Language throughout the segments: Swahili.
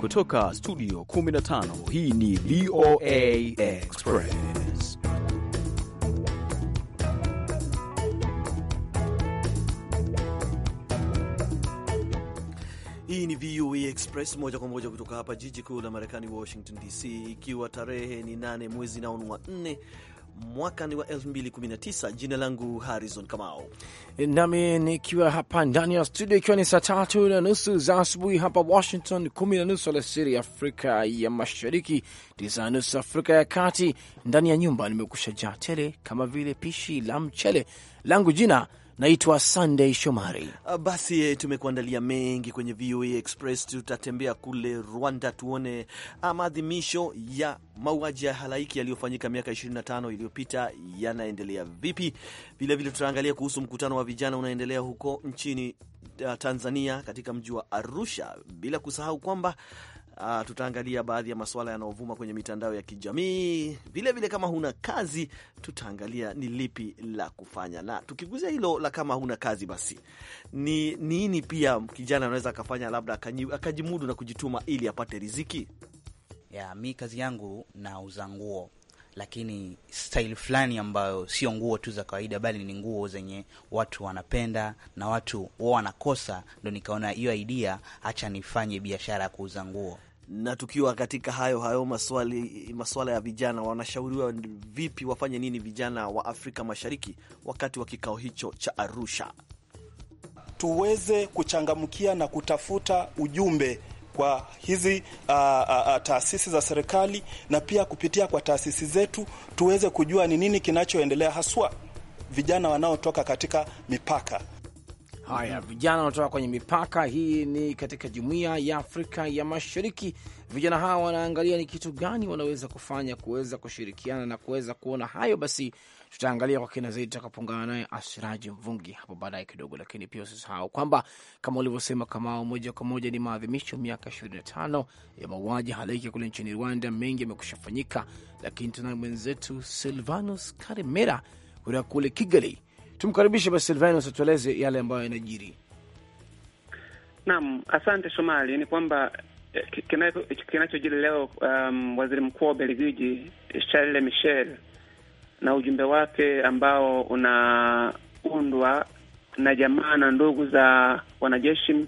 Kutoka studio 15 hii ni VOA Express. Hii ni VOA Express moja kwa moja kutoka hapa jiji kuu la Marekani, Washington DC, ikiwa tarehe ni nane mwezi naonwa nne mwaka ni wa 2019. Jina langu Harrison Kamao, e, nami nikiwa hapa ndani ya studio, ikiwa ni saa tatu na nusu za asubuhi hapa Washington, kumi na nusu alasiri Afrika ya Mashariki, tisa na nusu Afrika ya Kati. Ndani ya nyumba nimekusha jaa tele kama vile pishi la mchele langu. Jina Naitwa Sunday Shomari. Ah, basi eh, tumekuandalia mengi kwenye VOA Express. Tutatembea kule Rwanda tuone ah, maadhimisho ya mauaji ya halaiki yaliyofanyika miaka 25 iliyopita yanaendelea vipi. Vilevile tutaangalia kuhusu mkutano wa vijana unaendelea huko nchini ah, Tanzania katika mji wa Arusha, bila kusahau kwamba Uh, tutaangalia baadhi ya masuala yanayovuma kwenye mitandao ya kijamii vilevile. Vile kama huna kazi, tutaangalia ni lipi la kufanya, na tukiguzia hilo la kama huna kazi, basi ni nini pia kijana anaweza akafanya, labda akajimudu na kujituma ili apate riziki ya. Mi kazi yangu nauza nguo, lakini style fulani ambayo sio nguo tu za kawaida, bali ni nguo zenye watu wanapenda na watu wao wanakosa, ndo nikaona hiyo idea, hacha nifanye biashara ya kuuza nguo na tukiwa katika hayo hayo maswali, maswala ya vijana, wanashauriwa vipi, wafanye nini vijana wa Afrika Mashariki wakati wa kikao hicho cha Arusha? Tuweze kuchangamkia na kutafuta ujumbe kwa hizi a, a, taasisi za serikali na pia kupitia kwa taasisi zetu tuweze kujua ni nini kinachoendelea haswa vijana wanaotoka katika mipaka Haya, vijana wanatoka kwenye mipaka hii, ni katika jumuiya ya Afrika ya Mashariki. Vijana hawa wanaangalia ni kitu gani wanaweza kufanya kuweza kushirikiana na kuweza kuona hayo. Basi tutaangalia kwa kina zaidi tutakapoungana naye Asiraji Mvungi hapo baadaye kidogo, lakini pia usisahau kwamba kama ulivyosema Kamao, moja kwa moja ni maadhimisho miaka tano ya mauaji halaiki kule nchini Rwanda. Mengi yamekusha fanyika, lakini tunaye mwenzetu Silvanus Karimera kutoka kule Kigali Tumkaribishe basi Silvanus atueleze yale ambayo yanajiri. Naam, asante Shomali. Ni kwamba eh, kinachojiri leo, um, waziri mkuu wa Ubelgiji Charles Michel na ujumbe wake ambao unaundwa na jamaa na ndugu za wanajeshi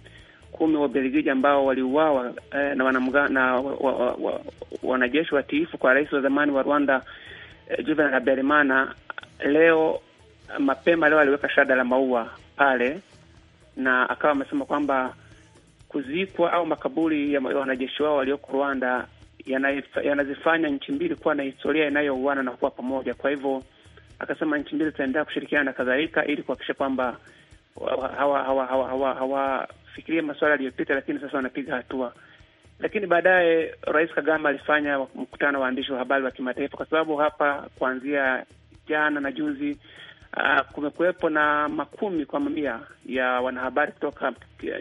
kumi wa Ubelgiji ambao waliuawa eh, na wanajeshi wa, wa, wa, wa, watiifu kwa rais wa zamani wa Rwanda eh, Juvenal Habyarimana leo mapema leo aliweka shada la maua pale, na akawa amesema kwamba kuzikwa au makaburi ya wanajeshi wao walioko Rwanda yanazifanya yana nchi mbili kuwa na historia inayouana na kuwa pamoja. Kwa hivyo akasema nchi mbili zitaendelea kushirikiana na kadhalika, ili kuhakikisha kwamba hawafikirie hawa, hawa, hawa, hawa, masuala yaliyopita, lakini sasa wanapiga hatua. Lakini baadaye Rais Kagame alifanya mkutano wa waandishi wa habari wa kimataifa, kwa sababu hapa kuanzia jana na juzi Ah, kumekuwepo na makumi kwa mamia ya wanahabari kutoka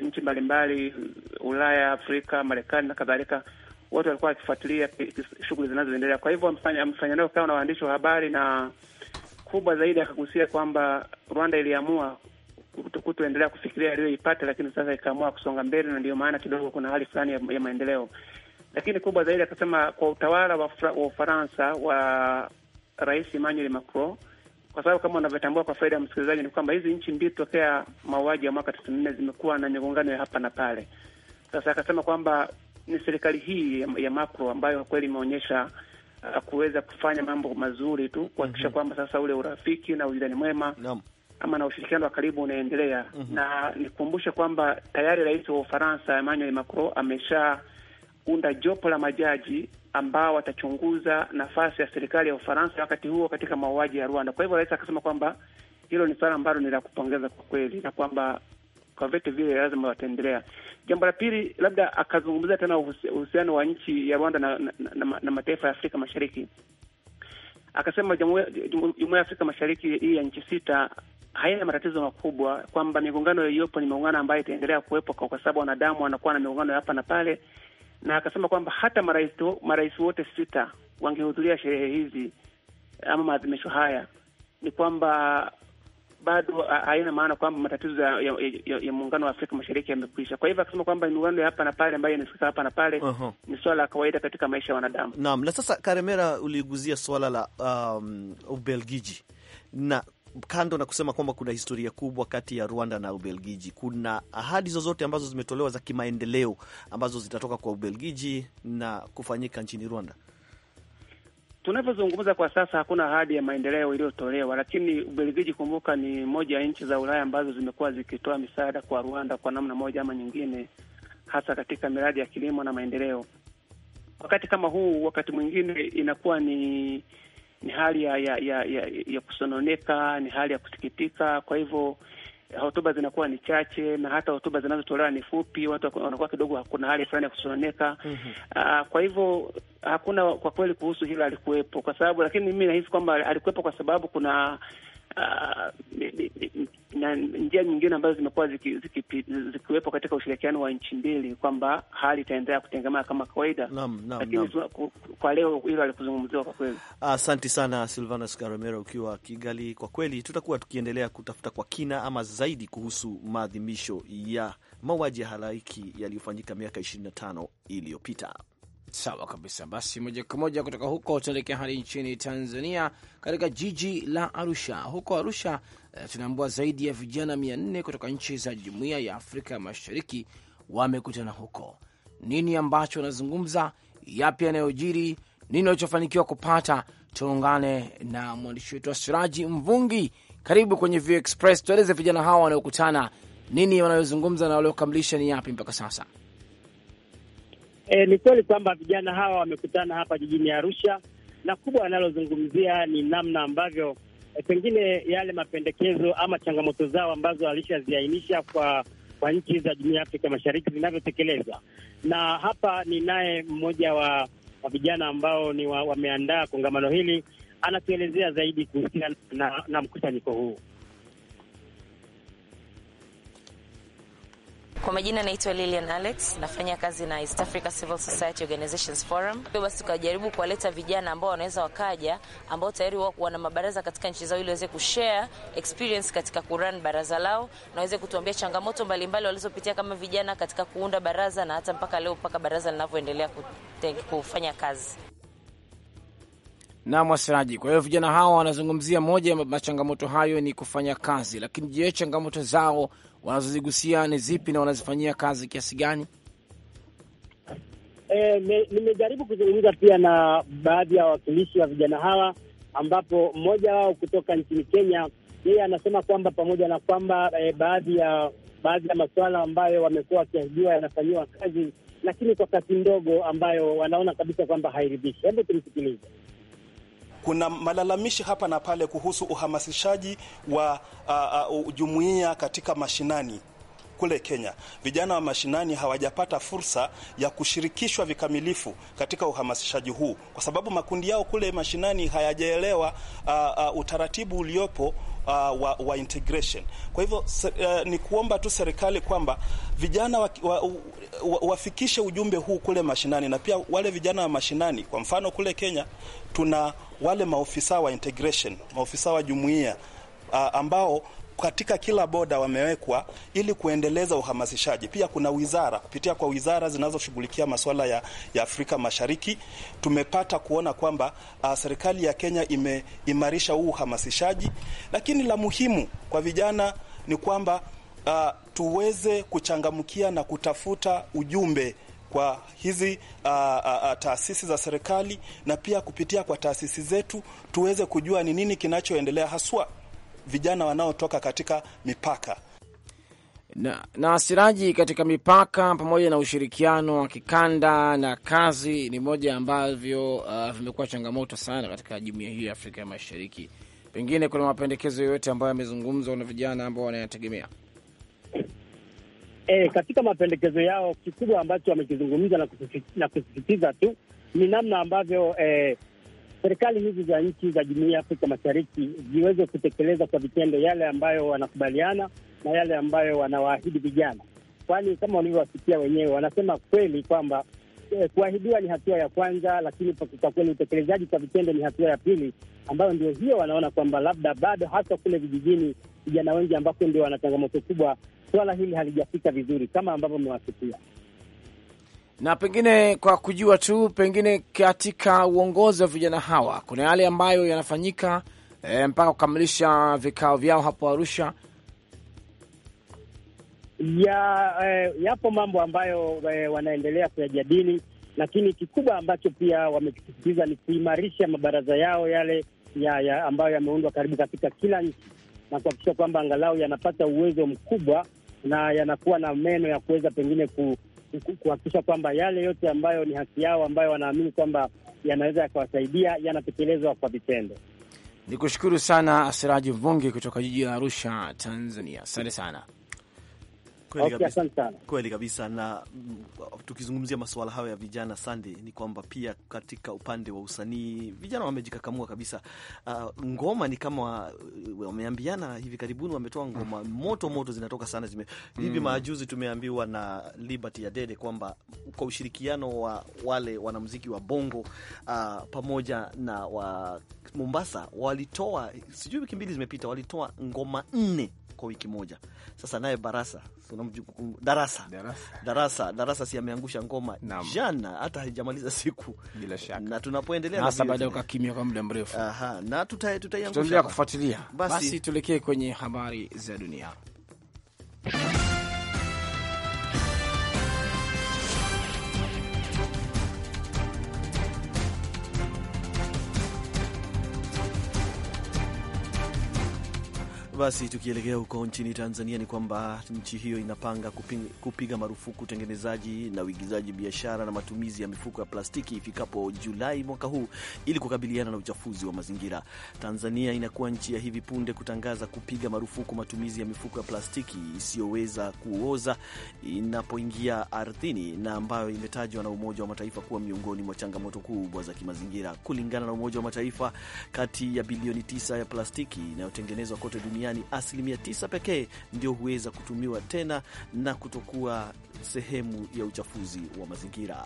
nchi mbalimbali Ulaya, Afrika, Marekani na kadhalika. Wote walikuwa wakifuatilia shughuli zinazoendelea. Kwa hivyo amefanya nao kikao na waandishi wa habari, na kubwa zaidi akagusia kwamba Rwanda iliamua kutoendelea kufikiria aliyoipata, lakini sasa ikaamua kusonga mbele, na ndio maana kidogo kuna hali fulani ya, ya maendeleo. Lakini kubwa zaidi akasema kwa utawala wa, wa Ufaransa wa Rais Emmanuel Macron kwa sababu kama unavyotambua kwa faida ya msikilizaji ni kwamba hizi nchi mbili tokea mauaji ya mwaka tisini na nne zimekuwa na migongano ya hapa na pale. Sasa akasema kwamba ni serikali hii ya Macron ambayo kwa kweli imeonyesha uh, kuweza kufanya mambo mazuri tu kuhakikisha mm -hmm. kwamba sasa ule urafiki na ujirani mwema no. ama na ushirikiano wa karibu unaendelea mm -hmm. na nikumbushe kwamba tayari rais wa Ufaransa Emmanuel Macron amesha unda jopo la majaji ambao watachunguza nafasi ya serikali ya Ufaransa wakati huo katika mauaji ya Rwanda. Kwa hivyo rais akasema kwamba hilo ni suala ambalo ni la kupongeza kwa kweli, na kwamba kwa vyote vile lazima wataendelea. Jambo la pili, labda akazungumzia tena uhusiano wa nchi ya Rwanda na, na, na, na mataifa ya Afrika Mashariki. Akasema jumuiya ya Afrika Mashariki hii ya nchi sita haina matatizo makubwa, kwamba migongano iliyopo ni migongano ambayo itaendelea kuwepo kwa sababu wanadamu wanakuwa na migongano ya hapa na pale, na akasema kwamba hata marais marais wote sita wangehudhuria sherehe hizi ama maadhimisho haya, ni kwamba bado haina maana kwamba matatizo ya, ya, ya, ya muungano wa Afrika Mashariki yamekwisha. Kwa hivyo akasema kwamba miungano ya hapa na pale ambayo inasika hapa na pale uh -huh. ni swala la kawaida katika maisha ya wanadamu. Naam. Na sasa, Karemera, uliguzia swala la um, Ubelgiji na kando na kusema kwamba kuna historia kubwa kati ya Rwanda na Ubelgiji, kuna ahadi zozote ambazo zimetolewa za kimaendeleo ambazo zitatoka kwa Ubelgiji na kufanyika nchini Rwanda? Tunavyozungumza kwa sasa hakuna ahadi ya maendeleo iliyotolewa, lakini Ubelgiji, kumbuka, ni moja ya nchi za Ulaya ambazo zimekuwa zikitoa misaada kwa Rwanda kwa namna moja ama nyingine, hasa katika miradi ya kilimo na maendeleo. Wakati kama huu, wakati mwingine inakuwa ni ni hali ya ya, ya, ya ya kusononeka, ni hali ya kusikitika. Kwa hivyo hotuba zinakuwa ni chache na hata hotuba zinazotolewa ni fupi, watu wanakuwa kidogo, hakuna hali fulani ya kusononeka mm -hmm. Kwa hivyo hakuna kwa kweli kuhusu hilo alikuwepo, kwa sababu lakini mimi nahisi kwamba alikuwepo kwa sababu kuna Uh, na njia nyingine ambazo zimekuwa zikiwepo katika ushirikiano wa nchi mbili kwamba hali itaendelea kutengemaa kama kawaida, lakini kwa leo hilo alikuzungumziwa kwa kweli. Asante sana Silvanus Karamera ukiwa Kigali. Kwa kweli tutakuwa tukiendelea kutafuta kwa kina ama zaidi kuhusu maadhimisho ya mauaji ya halaiki yaliyofanyika miaka 25 iliyopita. Sawa kabisa. Basi moja kwa moja kutoka huko tunaelekea hadi nchini Tanzania, katika jiji la Arusha. Huko Arusha eh, tunaambua zaidi ya vijana mia nne kutoka nchi za Jumuiya ya Afrika Mashariki wamekutana huko. Nini ambacho wanazungumza? Yapi yanayojiri? Nini walichofanikiwa kupata? Tuungane na mwandishi wetu wa Siraji Mvungi. Karibu kwenye View Express, tueleze vijana hawa wanaokutana, nini wanayozungumza na waliokamilisha ni yapi mpaka sasa. E, ni kweli kwamba vijana hawa wamekutana hapa jijini Arusha na kubwa analozungumzia ni namna ambavyo e, pengine yale mapendekezo ama changamoto zao ambazo alishaziainisha kwa kwa nchi za jumuiya ya Afrika Mashariki zinavyotekelezwa. Na hapa ni naye mmoja wa, wa vijana ambao ni wa, kongamano hili, anatuelezea zaidi kuhusiana na, na mkusanyiko huu. Kwa majina naitwa Lilian Alex, nafanya kazi na East Africa Civil Society Organizations Forum. Hivyo basi tukajaribu kuwaleta vijana ambao wanaweza wakaja, ambao tayari wana mabaraza katika nchi zao, ili waweze kushare experience katika kuran baraza lao na waweze kutuambia changamoto mbalimbali walizopitia kama vijana katika kuunda baraza na hata mpaka leo mpaka baraza linavyoendelea kufanya kazi nam Wasiraji. Kwa hiyo vijana hawa wanazungumzia moja ya machangamoto hayo ni kufanya kazi, lakini je, changamoto zao wanazozigusia ni zipi na wanazifanyia kazi kiasi gani? E, nimejaribu kuzungumza pia na baadhi ya wawakilishi wa vijana hawa, ambapo mmoja wao kutoka nchini Kenya, yeye anasema kwamba pamoja na kwamba e, baadhi ya baadhi ya masuala ambayo wamekuwa wakiahidiwa yanafanyiwa kazi, lakini kwa kasi ndogo ambayo wanaona kabisa kwamba hairidhishi. Hebu tumsikilize. Kuna malalamishi hapa na pale kuhusu uhamasishaji wa uh, uh, jumuiya katika mashinani kule Kenya, vijana wa mashinani hawajapata fursa ya kushirikishwa vikamilifu katika uhamasishaji huu, kwa sababu makundi yao kule mashinani hayajaelewa uh, uh, utaratibu uliopo Uh, wa, wa integration. Kwa hivyo uh, ni kuomba tu serikali kwamba vijana wa, wa, wa, wafikishe ujumbe huu kule mashinani, na pia wale vijana wa mashinani, kwa mfano kule Kenya tuna wale maofisa wa integration, maofisa wa jumuiya uh, ambao katika kila boda wamewekwa ili kuendeleza uhamasishaji. Pia kuna wizara, kupitia kwa wizara zinazoshughulikia masuala ya, ya Afrika Mashariki tumepata kuona kwamba uh, serikali ya Kenya imeimarisha huu uhamasishaji, lakini la muhimu kwa vijana ni kwamba uh, tuweze kuchangamkia na kutafuta ujumbe kwa hizi uh, uh, taasisi za serikali na pia kupitia kwa taasisi zetu tuweze kujua ni nini kinachoendelea haswa vijana wanaotoka katika mipaka na, na Siraji, katika mipaka pamoja na ushirikiano wa kikanda na kazi ni moja ambavyo uh, vimekuwa changamoto sana katika jumuiya hii ya Afrika ya Mashariki. Pengine kuna mapendekezo yoyote ambayo yamezungumzwa na vijana ambao wanayategemea? E, katika mapendekezo yao kikubwa ambacho wamekizungumza na kusisitiza tu ni namna ambavyo e, serikali hizi za nchi za Jumuiya ya Afrika Mashariki ziweze kutekeleza kwa vitendo yale ambayo wanakubaliana na yale ambayo wanawaahidi vijana, kwani kama walivyowasikia wenyewe wanasema kweli kwamba eh, kuahidiwa ni hatua ya kwanza, lakini kwa kweli utekelezaji kwa vitendo ni hatua ya pili, ambayo ndio hiyo wanaona kwamba labda bado hasa kule vijijini vijana wengi ambako ndio wana changamoto kubwa, swala hili halijafika vizuri kama ambavyo mmewasikia na pengine kwa kujua tu, pengine katika uongozi wa vijana hawa kuna yale ambayo yanafanyika e, mpaka kukamilisha vikao vyao hapo Arusha ya e, yapo mambo ambayo e, wanaendelea kuyajadili, lakini kikubwa ambacho pia wamekisisitiza ni kuimarisha mabaraza yao yale ya, ya ambayo yameundwa karibu katika kila nchi na kuhakikisha kwamba angalau yanapata uwezo mkubwa na yanakuwa na meno ya kuweza pengine ku kuhakikisha kwamba yale yote ambayo ni haki yao ambayo wanaamini kwamba yanaweza yakawasaidia yanatekelezwa kwa vitendo. Ni kushukuru sana Asiraji Mvungi kutoka jiji la Arusha, Tanzania. Asante sana. Kweli kabisa, kweli kabisa. Na mm, tukizungumzia masuala hayo ya vijana, Sande, ni kwamba pia katika upande wa usanii vijana wamejikakamua kabisa. Uh, ngoma ni kama uh, wameambiana hivi karibuni, wametoa ngoma mm. moto moto, zinatoka sana zime mm. Hivi majuzi tumeambiwa na Liberty ya Dede kwamba kwa ushirikiano wa wale wanamuziki wa bongo uh, pamoja na wa Mombasa walitoa, sijui wiki mbili zimepita, walitoa ngoma nne kwa wiki moja. Sasa naye Barasa kuna mjukuu darasa darasa darasa, darasa si ameangusha ngoma Naam. jana hata haijamaliza siku, bila shaka, na tunapoendelea hasa baada ya kimya kwa muda mrefu, aha, na tutaiangusha, tutaendelea kufuatilia. Basi, basi tuelekee kwenye habari za dunia. basi tukielekea huko nchini Tanzania ni kwamba nchi hiyo inapanga kuping, kupiga marufuku utengenezaji na uigizaji biashara na matumizi ya mifuko ya plastiki ifikapo Julai mwaka huu ili kukabiliana na uchafuzi wa mazingira. Tanzania inakuwa nchi ya hivi punde kutangaza kupiga marufuku matumizi ya mifuko ya plastiki isiyoweza kuoza inapoingia ardhini na ambayo imetajwa na Umoja wa Mataifa kuwa miongoni mwa changamoto kubwa za kimazingira. Kulingana na Umoja wa Mataifa, kati ya bilioni tisa ya plastiki inayotengenezwa kote duniani duniani, asilimia 9 pekee ndio huweza kutumiwa tena na kutokuwa sehemu ya uchafuzi wa mazingira.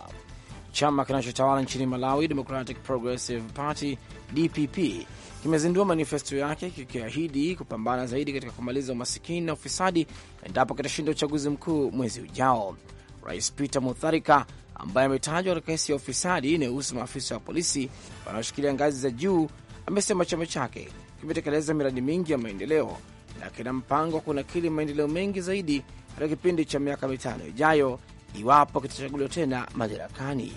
Chama kinachotawala nchini Malawi, Democratic Progressive Party DPP, kimezindua manifesto yake kikiahidi kupambana zaidi katika kumaliza umasikini na ufisadi endapo kitashinda uchaguzi mkuu mwezi ujao. Rais Peter Mutharika ambaye ametajwa katika kesi ya ufisadi inayohusu maafisa wa polisi wanaoshikilia ngazi za juu amesema chama chake kimetekeleza miradi mingi ya maendeleo na kina mpango wa kunakili maendeleo mengi zaidi katika kipindi cha miaka mitano ijayo iwapo kitachaguliwa tena madarakani.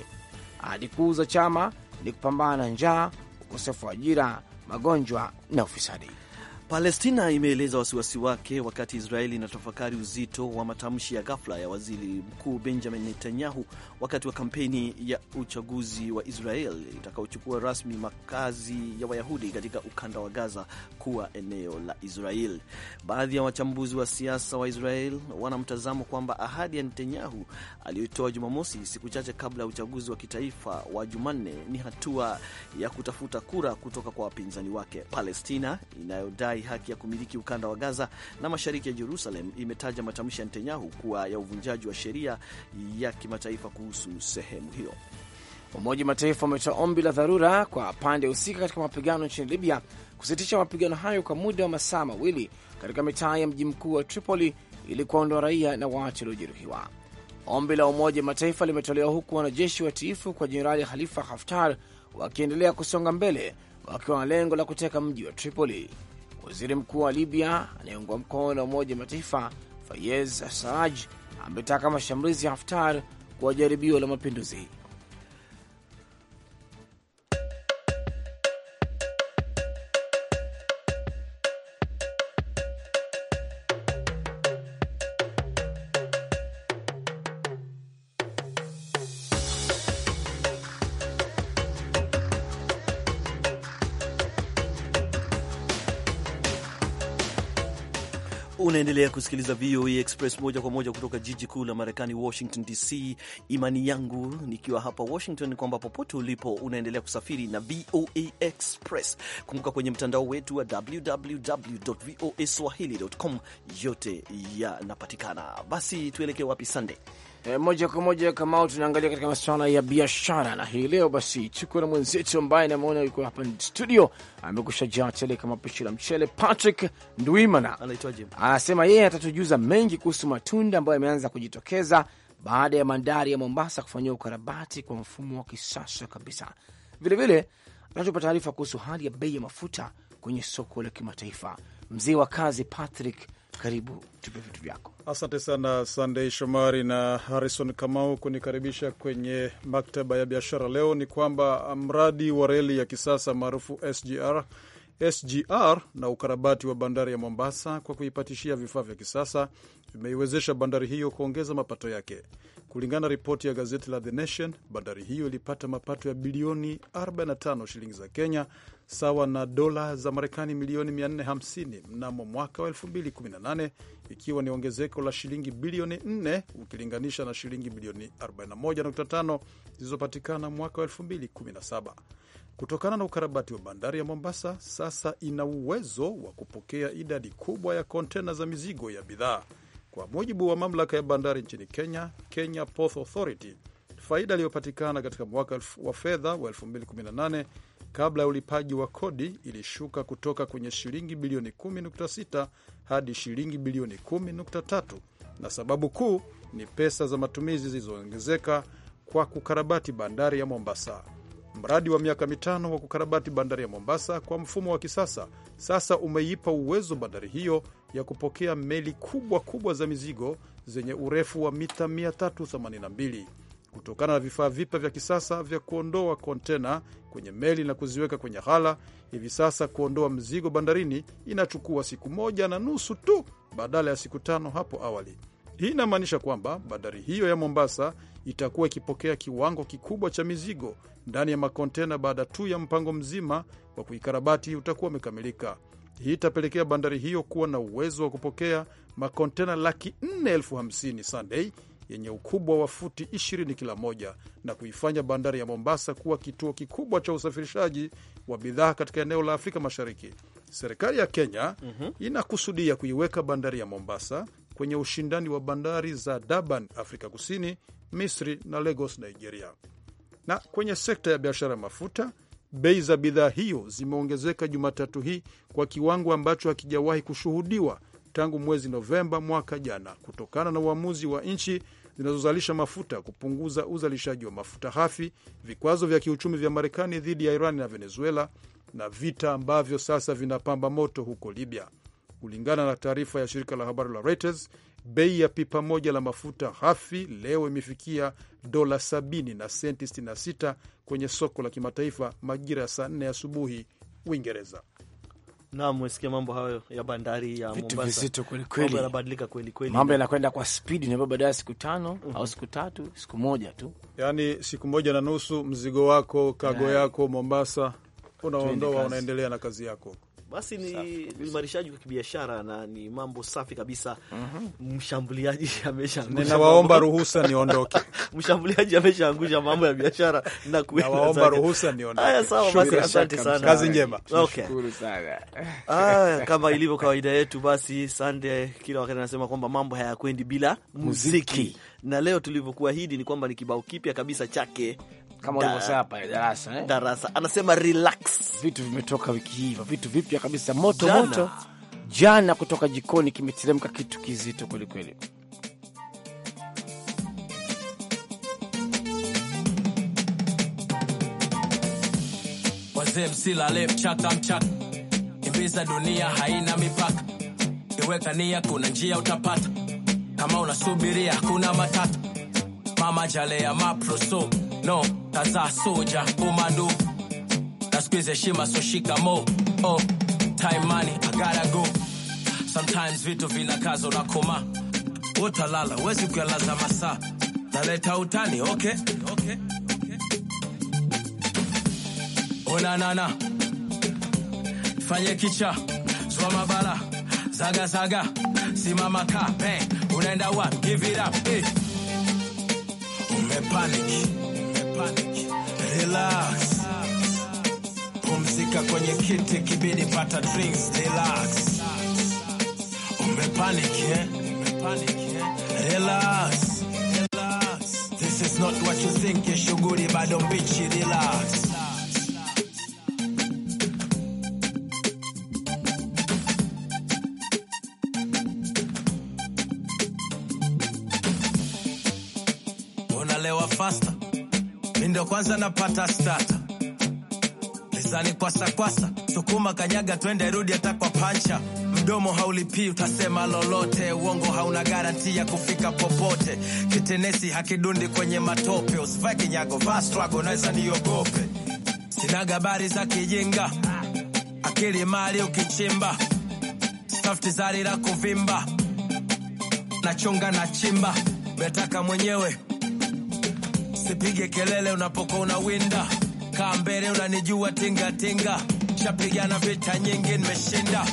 Ahadi kuu za chama ni kupambana na njaa, ukosefu wa ajira, magonjwa na ufisadi. Palestina imeeleza wasiwasi wake wakati Israeli inatafakari uzito wa matamshi ya ghafla ya waziri mkuu Benjamin Netanyahu wakati wa kampeni ya uchaguzi wa Israel itakaochukua rasmi makazi ya Wayahudi katika ukanda wa Gaza kuwa eneo la Israel. Baadhi ya wachambuzi wa siasa wa Israel wana mtazamo kwamba ahadi ya Netanyahu aliyoitoa Jumamosi, siku chache kabla ya uchaguzi wa kitaifa wa Jumanne, ni hatua ya kutafuta kura kutoka kwa wapinzani wake. Palestina inayodai kudai haki ya kumiliki ukanda wa Gaza na mashariki ya Jerusalem imetaja matamshi ya Netanyahu kuwa ya uvunjaji wa sheria ya kimataifa kuhusu sehemu hiyo. Umoja wa Mataifa umetoa ombi la dharura kwa pande husika katika mapigano nchini Libya kusitisha mapigano hayo kwa muda wa masaa mawili katika mitaa ya mji mkuu wa Tripoli ili kuwaondoa raia na watu waliojeruhiwa. Ombi la Umoja wa Mataifa limetolewa huku wanajeshi watiifu kwa Jenerali Khalifa Haftar wakiendelea kusonga mbele wakiwa na lengo la kuteka mji wa Tripoli. Waziri mkuu wa Libya anayeungwa mkono na Umoja wa Mataifa Fayez Saraj ametaka mashambulizi ya Haftar kuwa jaribio la mapinduzi Unaendelea kusikiliza VOA e Express moja kwa moja kutoka jiji kuu la Marekani, Washington DC. Imani yangu nikiwa hapa Washington kwamba popote ulipo unaendelea kusafiri na VOA e Express. Kumbuka kwenye mtandao wetu wa www voa e swahili com yote yanapatikana. Basi tuelekee wapi, sandey E, moja kwa moja kamau tunaangalia katika masuala ya biashara, na hii leo basi tuko na mwenzetu ambaye nameona yuko hapa studio amekusha jaa tele kama pishi la mchele. Patrick Ndwimana anasema yeye atatujuza mengi kuhusu matunda ambayo yameanza kujitokeza baada ya bandari ya Mombasa kufanyia ukarabati kwa mfumo wa kisasa kabisa. Vilevile anatupa taarifa kuhusu hali ya bei ya mafuta kwenye soko la kimataifa. Mzee wa kazi Patrick karibu, tupe vitu vyako. Asante sana Sandey Shomari na Harrison Kamau kunikaribisha kwenye maktaba ya biashara. Leo ni kwamba mradi wa reli ya kisasa maarufu SGR SGR na ukarabati wa bandari ya Mombasa kwa kuipatishia vifaa vya kisasa vimeiwezesha bandari hiyo kuongeza mapato yake. Kulingana na ripoti ya gazeti la The Nation, bandari hiyo ilipata mapato ya bilioni 45 shilingi za Kenya, sawa na dola za Marekani milioni 450 mnamo mwaka wa 2018, ikiwa ni ongezeko la shilingi bilioni 4 ukilinganisha na shilingi bilioni 41.5 zilizopatikana mwaka wa 2017 kutokana na ukarabati wa bandari ya Mombasa, sasa ina uwezo wa kupokea idadi kubwa ya kontena za mizigo ya bidhaa. Kwa mujibu wa mamlaka ya bandari nchini Kenya, Kenya Ports Authority, faida iliyopatikana katika mwaka wa fedha wa 2018 kabla ya ulipaji wa kodi ilishuka kutoka kwenye shilingi bilioni 10.6 hadi shilingi bilioni 10.3, na sababu kuu ni pesa za matumizi zilizoongezeka kwa kukarabati bandari ya Mombasa. Mradi wa miaka mitano wa kukarabati bandari ya Mombasa kwa mfumo wa kisasa sasa umeipa uwezo bandari hiyo ya kupokea meli kubwa kubwa za mizigo zenye urefu wa mita 382 kutokana na vifaa vipya vya kisasa vya kuondoa kontena kwenye meli na kuziweka kwenye hala. Hivi sasa kuondoa mzigo bandarini inachukua siku moja na nusu tu badala ya siku tano hapo awali. Hii inamaanisha kwamba bandari hiyo ya Mombasa itakuwa ikipokea kiwango kikubwa cha mizigo ndani ya makontena baada tu ya mpango mzima wa kuikarabati utakuwa umekamilika. Hii itapelekea bandari hiyo kuwa na uwezo wa kupokea makontena laki nne elfu hamsini Sunday yenye ukubwa wa futi 20 kila moja na kuifanya bandari ya Mombasa kuwa kituo kikubwa cha usafirishaji wa bidhaa katika eneo la Afrika Mashariki. Serikali ya Kenya mm -hmm. inakusudia kuiweka bandari ya Mombasa kwenye ushindani wa bandari za Durban, Afrika Kusini, Misri na Lagos, Nigeria. Na kwenye sekta ya biashara ya mafuta, bei za bidhaa hiyo zimeongezeka Jumatatu hii kwa kiwango ambacho hakijawahi kushuhudiwa tangu mwezi Novemba mwaka jana, kutokana na uamuzi wa nchi zinazozalisha mafuta kupunguza uzalishaji wa mafuta hafi, vikwazo vya kiuchumi vya Marekani dhidi ya Iran na Venezuela na vita ambavyo sasa vinapamba moto huko Libya. Kulingana na taarifa ya shirika la habari la Reuters, Bei ya pipa moja la mafuta ghafi leo imefikia dola 70 na senti 66 kwenye soko la kimataifa majira ya saa nne asubuhi Uingereza. Naam, umesikia mambo hayo ya bandari ya Mombasa. Mambo yanabadilika kweli kweli, mambo yanakwenda kwa spidi, na ya siku tano mm -hmm. au siku tatu, siku moja tu, yaani siku moja na nusu, mzigo wako kago yeah. yako Mombasa unaondoa, unaendelea na kazi yako. Basi ni uimarishaji wa kibiashara na ni mambo safi kabisa. mm -hmm. Mshambuliaji amesha, ninawaomba ruhusa niondoke. Mshambuliaji ameshaangusha mambo ya biashara na kuenda, nawaomba ruhusa niondoke. Haya, sawa basi, asante sana, kazi njema, okay. Shukuru sana. Ah, kama ilivyo kawaida yetu, basi Sande kila wakati anasema kwamba mambo hayakwendi bila muziki, muziki. Na leo tulivyokuahidi ni kwamba ni kibao kipya kabisa chake kama ulivyosema hapa darasa eh? Darasa anasema relax, vitu vimetoka wiki hii, vitu vipya kabisa moto jana, moto jana kutoka jikoni kimeteremka kitu kizito kwelikweli. Wazee msilale mchaka mchaka, imbiza dunia haina mipaka, iweka nia, kuna njia utapata, kama unasubiria hakuna matata, mama jalea maproso no taza soja komando na siku hizi heshima so shikamo oh time money I gotta go sometimes vitu vinakazo na koma utalala wezi kuyalaza masaa naleta utani okay okay onanana fanye kicha zwa zaga zagazaga simama ka unaenda wa give it up eh. umepaniki relax, pumzika kwenye kiti kibidi, pata drinks, relax. panic, eh? eh? Relax. This is not what you think, shughuli bado mbichi, relax kwanza napata stata lezani kwasa kwasa, sukuma kanyaga, twende rudi, hata kwa pancha mdomo haulipii, utasema lolote. Uongo hauna garanti ya kufika popote. Kitenesi hakidundi kwenye matope. Usivae kinyago, vaa strago, naweza niogope. sinaga gabari za kijinga, akili mali ukichimba, stafti zari la kuvimba, nachonga na chimba, metaka mwenyewe Usipige kelele unapokuwa unawinda, kaa mbele, unanijua tingatinga, shapigana vita nyingi, nimeshinda.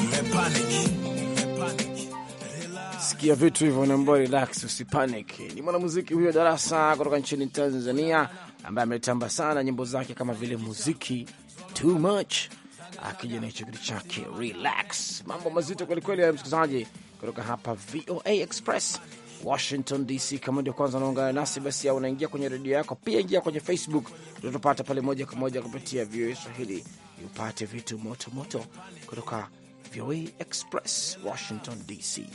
Umepaniki, Sikia vitu hivyo, naomba relax, usipanic. Ni mwanamuziki huyo Darasa kutoka nchini Tanzania ambaye ametamba sana nyimbo zake kama vile muziki too much akija na hicho kitu chake relax. Mambo mazito kwelikweli ya msikilizaji kutoka hapa VOA Express. Washington DC. Kama ndio kwanza unaungana nasi, basi au unaingia kwenye redio yako, pia ingia kwenye Facebook, utatupata pale moja kwa moja kupitia VOA Swahili, upate vitu moto moto kutoka VOA Express, Washington DC.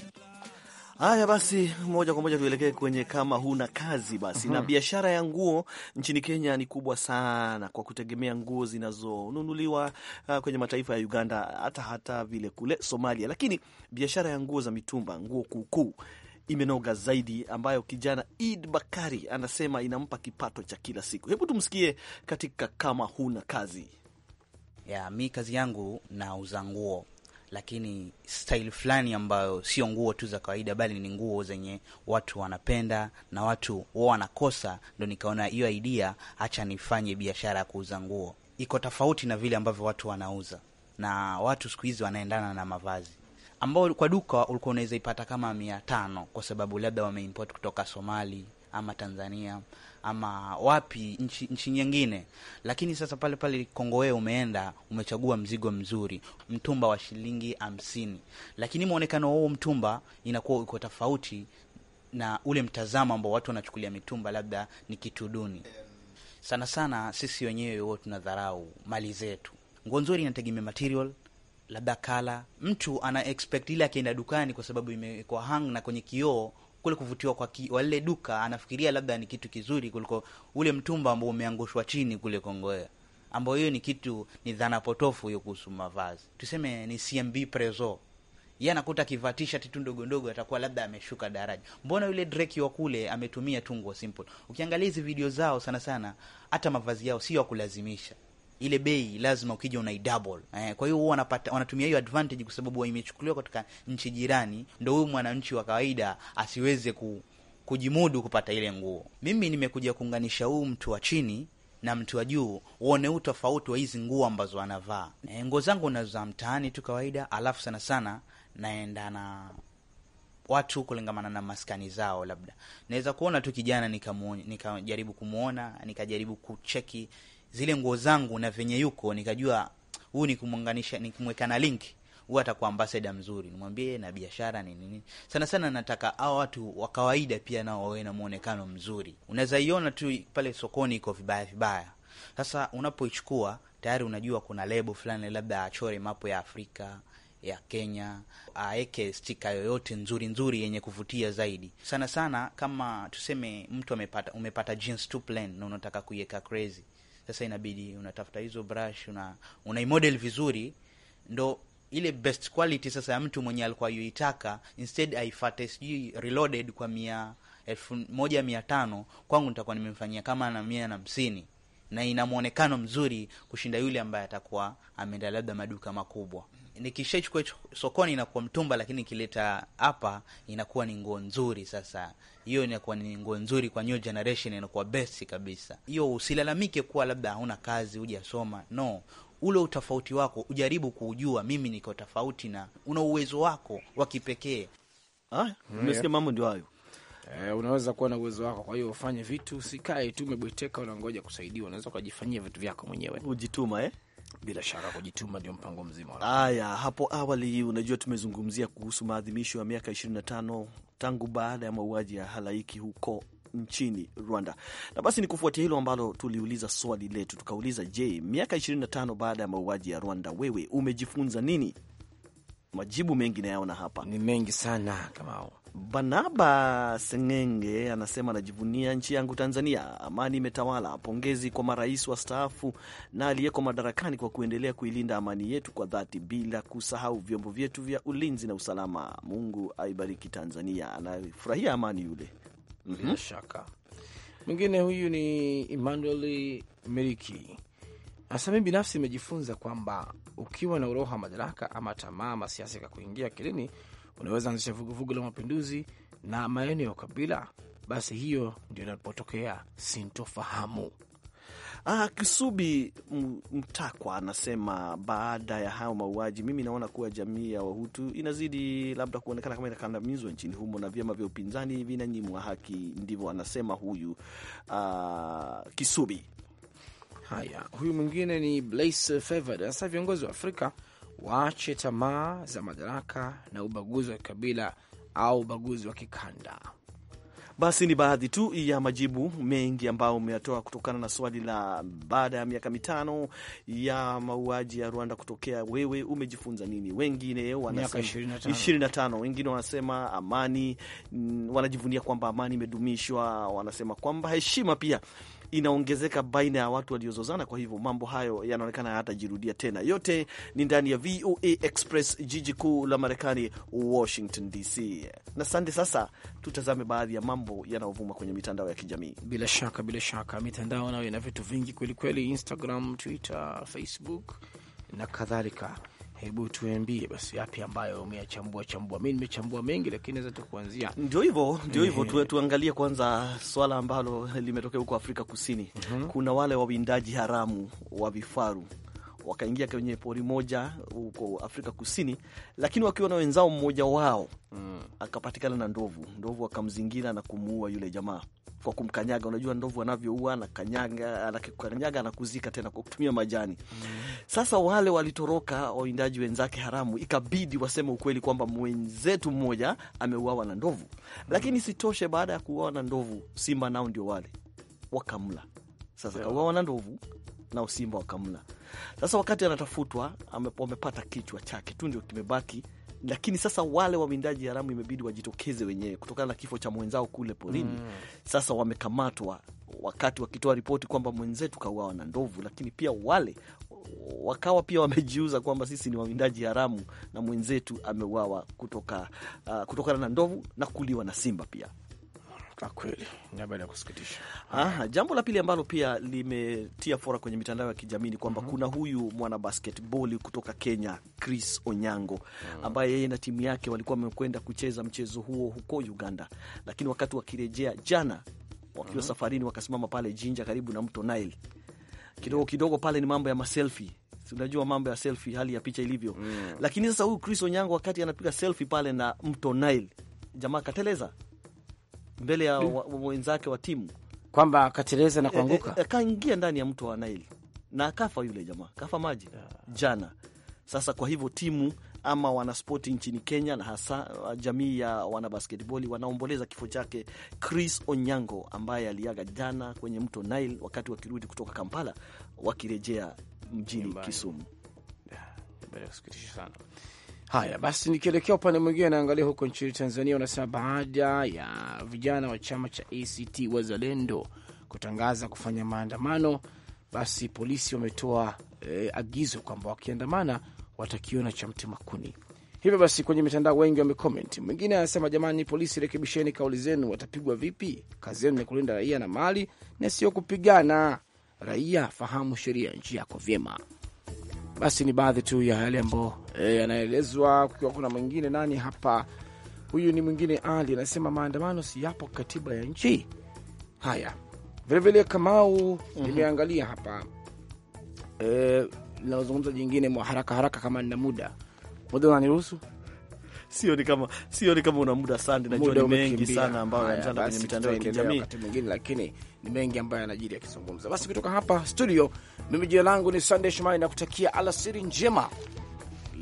Haya basi, moja kwa moja tuelekee kwenye kama huna kazi basi. Uhum. Na mhm. biashara ya nguo nchini Kenya ni kubwa sana kwa kutegemea nguo zinazonunuliwa uh, kwenye mataifa ya Uganda hata hata vile kule Somalia, lakini biashara ya nguo za mitumba, nguo kuukuu imenoga zaidi, ambayo kijana id Bakari anasema inampa kipato cha kila siku. Hebu tumsikie katika kama huna kazi. Ya, mi kazi yangu nauza nguo lakini style fulani ambayo sio nguo tu za kawaida, bali ni nguo zenye watu wanapenda na watu wao wanakosa. Ndo nikaona hiyo idea, hacha nifanye biashara ya kuuza nguo, iko tofauti na vile ambavyo watu wanauza, na watu siku hizi wanaendana na mavazi ambao kwa duka ulikuwa unaweza ipata kama mia tano kwa sababu labda wameimport kutoka Somali ama Tanzania ama wapi nchi, nchi nyingine. Lakini sasa pale pale Kongowee umeenda umechagua mzigo mzuri, mtumba wa shilingi hamsini, lakini mwonekano huo mtumba inakuwa uko tofauti na ule mtazamo ambao watu wanachukulia mitumba labda ni kitu duni. Sana sana sisi wenyewe huo tunadharau mali zetu. Nguo nzuri inategemea material labda kala, mtu ana expect ile akienda dukani, kwa sababu imewekwa hang na kwenye kioo kule kuvutiwa kwa ki, lile duka anafikiria labda ni kitu kizuri kuliko ule mtumba ambao umeangushwa chini kule Kongowea, ambao hiyo ni kitu ni dhana potofu hiyo kuhusu mavazi. Tuseme ni CMB Prezo, yeye anakuta kivaa t-shirt tu ndogo ndogo, atakuwa labda ameshuka daraja. Mbona yule Drake wa kule ametumia tu nguo simple? Ukiangalia hizi video zao sana sana, hata mavazi yao sio ya kulazimisha ile bei lazima ukija unai double eh. Kwa hiyo wanapata wanatumia hiyo advantage kwa sababu imechukuliwa kutoka nchi jirani, ndo huyu mwananchi wa kawaida asiweze ku, kujimudu kupata ile nguo. Mimi nimekuja kuunganisha huu mtu wa chini na mtu wa juu uone tofauti wa hizi nguo ambazo anavaa. eh. nguo zangu naza mtaani tu kawaida, alafu sana sana naenda na watu kulingamana na maskani zao. Labda naweza kuona tu kijana nikajaribu kumuona nikajaribu kucheki zile nguo zangu na venye yuko, nikajua huyu nikumwanganisha, nikimweka na link huwa atakuwa ambassador mzuri, nimwambie na biashara ni nini. Sana sana nataka hao watu wa kawaida pia nao wawe na muonekano mzuri. Unaweza iona tu pale sokoni iko vibaya vibaya, sasa unapoichukua tayari unajua kuna lebo fulani, labda achore mapo ya Afrika ya Kenya, aeke stika yoyote nzuri nzuri yenye kuvutia zaidi. Sana sana kama tuseme mtu amepata, umepata jeans tu plain na unataka kuiweka crazy sasa inabidi unatafuta hizo brush una, model vizuri ndo ile best quality sasa ya mtu mwenye alikuwa yuitaka, instead aifate sijui reloaded kwa mia elfu moja mia tano kwangu nitakuwa nimemfanyia kama na mia na hamsini na ina mwonekano mzuri kushinda yule ambaye atakuwa ameenda labda maduka makubwa nikishachukua sokoni inakuwa mtumba, lakini nikileta hapa inakuwa ni nguo nzuri. Sasa hiyo inakuwa ni nguo nzuri kwa new generation, inakuwa best kabisa hiyo. Usilalamike kuwa labda hauna kazi hujasoma, no ule utofauti wako ujaribu kuujua. Mimi niko tofauti na una uwezo wako wa kipekee. Ah, mm, umesikia, mambo ndio hayo. Eh, unaweza kuwa na uwezo wako, kwa hiyo ufanye vitu, usikae tu umebweteka unangoja kusaidiwa. Unaweza ukajifanyia vitu vyako mwenyewe, ujituma eh? bila shaka kujituma ndio mpango mzima. Haya, hapo awali, unajua tumezungumzia kuhusu maadhimisho ya miaka 25 tangu baada ya mauaji ya halaiki huko nchini Rwanda. Na basi ni kufuatia hilo ambalo tuliuliza swali letu, tukauliza, je, miaka 25 baada ya mauaji ya Rwanda, wewe umejifunza nini? Majibu mengi nayaona hapa, ni mengi sana Kamao. Banaba Sengenge anasema anajivunia nchi yangu Tanzania, amani imetawala. Pongezi kwa marais wa staafu na aliyeko madarakani kwa kuendelea kuilinda amani yetu kwa dhati, bila kusahau vyombo vyetu vya ulinzi na usalama. Mungu aibariki Tanzania. Anafurahia amani yule, mm -hmm. shaka. Mwingine huyu ni Emmanuel Meriki hasa binafsi imejifunza kwamba ukiwa na uroho wa madaraka ama tamaa masiasa kuingia kilini unaweza anzisha vuguvugu la mapinduzi na maeneo ya kabila. Basi hiyo ndio inapotokea sintofahamu. Ah, Kisubi Mtakwa anasema baada ya hayo mauaji, mimi naona kuwa jamii ya Wahutu inazidi labda kuonekana kama inakandamizwa nchini humo na vyama vya upinzani vinanyimwa haki. Ndivyo anasema huyu ah, Kisubi. Haya, huyu mwingine ni Blaise Favored. Sasa viongozi wa Afrika waache tamaa za madaraka na ubaguzi wa kikabila au ubaguzi wa kikanda. Basi ni baadhi tu ya majibu mengi ambayo umeyatoa kutokana na swali la baada ya miaka mitano ya mauaji ya Rwanda kutokea, wewe umejifunza nini? Wengine wanasema tano, wengine wanasema amani, mm, wanajivunia kwamba amani imedumishwa, wanasema kwamba heshima pia inaongezeka baina ya watu waliozozana. Kwa hivyo mambo hayo yanaonekana hayatajirudia tena. Yote ni ndani ya VOA Express, jiji kuu la Marekani, Washington DC. Na sande, sasa tutazame baadhi ya mambo yanayovuma kwenye mitandao ya kijamii. Bila shaka, bila shaka, mitandao nayo ina vitu vingi kwelikweli, Instagram, Twitter, Facebook na kadhalika. Hebu tuambie basi yapi ambayo umeyachambua chambua. Mi nimechambua mengi, lakini naweza tukuanzia. Ndio hivyo, ndio hivyo tu, tuangalie kwanza swala ambalo limetokea huko Afrika Kusini. mm -hmm. Kuna wale wawindaji haramu wa vifaru wakaingia kwenye pori moja huko Afrika Kusini, lakini wakiwa na wenzao, mmoja wao mm. akapatikana na ndovu. Ndovu akamzingira na kumuua yule jamaa kwa kumkanyaga. Unajua ndovu anavyoua, anakanyaga, anakukanyaga, anakuzika tena kwa kutumia majani. Sasa wale walitoroka wawindaji wenzake haramu, ikabidi waseme ukweli kwamba mwenzetu mmoja ameuawa na ndovu. Lakini sitoshe, baada ya kuuawa na ndovu, simba nao ndio wale wakamla. Sasa kauawa na ndovu nao simba wakamla. Sasa wakati anatafutwa, wamepata kichwa chake tu ndio kimebaki lakini sasa wale wawindaji haramu imebidi wajitokeze wenyewe kutokana na kifo cha mwenzao kule porini. Mm. Sasa wamekamatwa wakati wakitoa ripoti kwamba mwenzetu kauawa na ndovu, lakini pia wale wakawa pia wamejiuza kwamba sisi ni wawindaji haramu na mwenzetu ameuawa kutoka uh, kutokana na ndovu na kuliwa na simba pia. Ah, kweli ni habari ya kusikitisha. Aha, jambo la pili ambalo pia limetia fora kwenye mitandao ya kijamii ni kwamba mm -hmm. kuna huyu mwana basketball kutoka Kenya Chris Onyango mm -hmm. ambaye yeye na timu yake walikuwa wamekwenda kucheza mchezo huo huko Uganda, lakini wakati wakirejea jana wakiwa mm -hmm. safarini wakasimama pale Jinja karibu na mto Nile kidogo kidogo pale ni mambo ya maselfi Unajua mambo ya selfie, hali ya picha ilivyo mm. Lakini sasa huyu Chris Onyango wakati anapiga selfie pale na mto Nile, jamaa kateleza mbele ya eh? wenzake wa timu kwamba akateleza na eh, kuanguka, eh, akaingia ndani ya mto wa Naili na akafa. Yule jamaa kafa maji ah. jana. Sasa kwa hivyo timu ama wanaspoti nchini Kenya na hasa uh, jamii ya wanabasketboli wanaomboleza kifo chake Chris Onyango ambaye aliaga jana kwenye mto Nile wakati wakirudi kutoka Kampala wakirejea mjini Kisumu. Ah, Haya basi, nikielekea upande mwingine, naangalia huko nchini Tanzania. Unasema baada ya vijana wa chama cha ACT Wazalendo kutangaza kufanya maandamano, basi polisi wametoa eh, agizo kwamba wakiandamana watakiona cha mtima kuni. Hivyo basi, kwenye mitandao wengi wamekomenti. Mwingine anasema jamani, polisi, rekebisheni kauli zenu, watapigwa vipi? Kazi yenu ni kulinda raia na mali na sio kupigana. Raia, fahamu sheria ya nchi yako vyema. Basi ni baadhi tu ya yale ambayo eh, yanaelezwa, kukiwa kuna mwingine nani hapa, huyu ni mwingine Ali anasema maandamano si yapo katiba ya nchi. Haya, vilevile Kamau mhm. nimeangalia mm -hmm. hapa e, linalozungumza jingine mwa haraka haraka, kama nina muda muda unaniruhusu sioni kama sioni kama una muda sande, najua ni mengi sana ambayo yanatanda kwenye mitandao ya kijamii wakati mwingine, lakini ni mengi ambayo yanajiri yakizungumza Basi kutoka hapa studio, mimi jina langu ni Sande Shumai na kutakia alasiri njema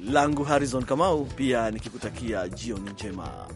langu Harrison Kamau, pia nikikutakia jioni njema.